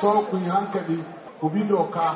so ku yi hankali ku bi doka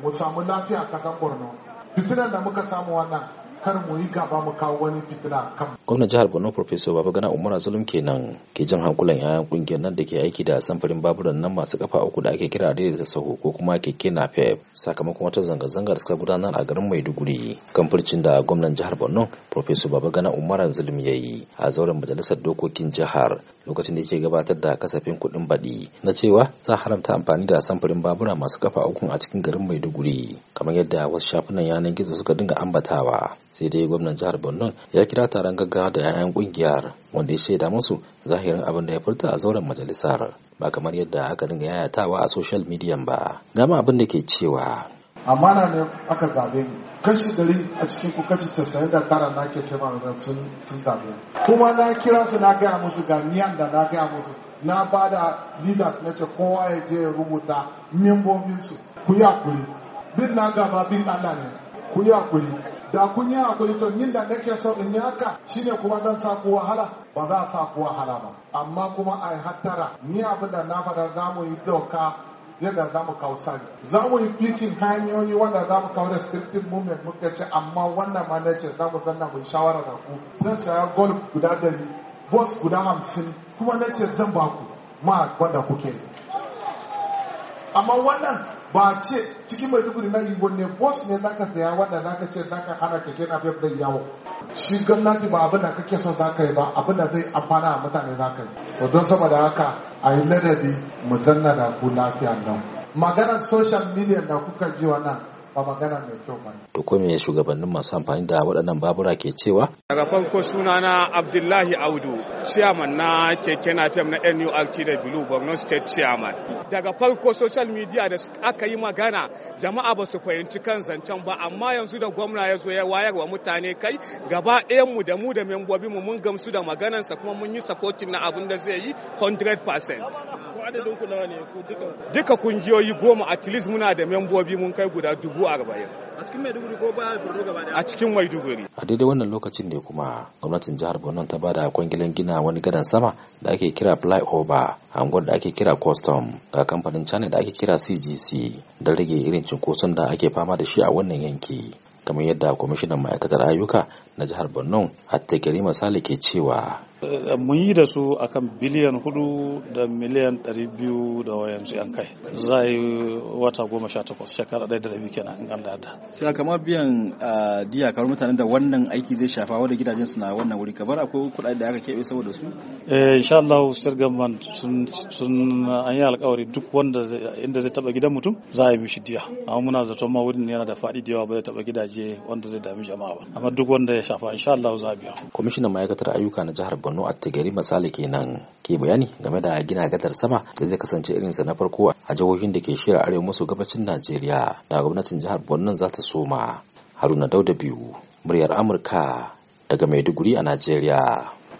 mu samu lafiya a ƙasar borno fitinar da muka samu wannan kar mu yi gaba mu kawo wani fitina kan gwamnan jihar borno professor babagana umar zulum kenan ke jin hankulan yayan kungiyar nan da ke aiki da samfurin baburan nan masu kafa uku da ake kira da ta sahu ko kuma keke na fef sakamakon wata zanga-zanga da suka gudanar a garin maiduguri kan furcin da gwamnan jihar borno professor babagana umar umara ya yi a zauren majalisar dokokin jihar lokacin da yake gabatar da kasafin kuɗin baɗi na cewa za a haramta amfani da samfurin babura masu kafa uku a cikin garin maiduguri kamar yadda wasu shafunan yanar gizo suka dinga ambatawa sai dai gwamnan jihar borno ya kira taron gaggawa da 'ya'yan kungiyar wanda ya shaida musu zahirin abin da ya furta a zauren majalisar ba kamar yadda aka dinga yayatawa a social media ba gama abin da ke cewa na ne aka zabe ni kashi dari a cikin ku kashi casa'in da tara na ke kemarar sun sun zabe kuma na kira su na gaya musu ga niyan da na gaya musu na ba da leaders na ce kowa ya je rubuta membobinsu ku yi hakuri bin na gaba bin allah ne ku yi hakuri da kun yi hakuri don yin da nake so in yi haka shine kuma zan sa ku wahala ba za a sa ku wahala ba amma kuma a hattara ni abin da na faɗa za mu yi doka yadda za mu kawo sani za mu yi fikin hanyoyi wanda za mu kawo restrictive movement muka ce amma wannan ma na ce za mu zanna mu shawara da ku zan saya golf guda dari bus guda hamsin kuma na ce zan ba ku ma wanda kuke amma wannan ba ce cikin mai maiduguri na ne bus ne zaka saya wanda zaka ce zaka hana keke na fef da yawo shi gwamnati ba abin da kake son zaka yi ba abin da zai amfana a mutane zaka yi to don saboda haka a yi ladabi mu zanna da ku lafiya nan maganar social media da kuka ji wannan ba magana mai kyau ba shugabannin masu amfani da waɗannan babura ke cewa daga farko sunana Abdullahi Audu chairman na keke napep na NURT da Bilu Borno State chairman daga farko social media da aka yi magana jama'a ba su fahimci kan zancen ba amma yanzu da gwamna ya zo ya wayar wa mutane kai gaba ɗayan mu da mu da membobi mu mun gamsu da maganarsa kuma mun yi supporting na abin da zai yi 100% adadin duka duka kungiyoyi goma at least muna da membobi mun kai guda dubu gaba yau. a cikin maiduguri ko ba borno gaba a cikin maiduguri a daidai wannan lokacin ne kuma gwamnatin jihar borno ta bada kwangilan gina wani gadon sama da ake kira flyover a unguwar da ake kira custom ga kamfanin china da ake kira cgc don rage irin cunkoson da ake fama da shi a wannan yanki kamar yadda kwamishinan ma'aikatar ayyuka na jihar borno hatta garima sale ke cewa Eh, mun yi da su akan biliyan hudu da miliyan ɗari biyu da wayansu yan kai za yi wata goma sha takwas shekara ɗaya da rabi kenan in an da. Sai kama biyan diya kamar mutanen da wannan aiki zai shafa wadda gidajen su na wannan wuri kamar akwai kuɗaɗe da aka keɓe saboda su. Eh insha Allah sir gamban sun an yi alƙawari duk wanda inda zai taɓa gidan mutum za a yi mishi diya amma muna zaton ma wurin yana da faɗi da yawa ba zai taɓa gidaje wanda zai dami jama'a ba amma duk wanda ya shafa insha Allah za a biya. Kwamishinan ma'aikatar ayyuka na jihar Borno a Tigari misali kenan ke bayani game da gina gadar sama da zai kasance irinsa na farko a jihohin da ke shira arewa maso gabacin Najeriya da gwamnatin jihar Borno za ta soma. Haruna Dauda biyu muryar Amurka daga Maiduguri a Najeriya.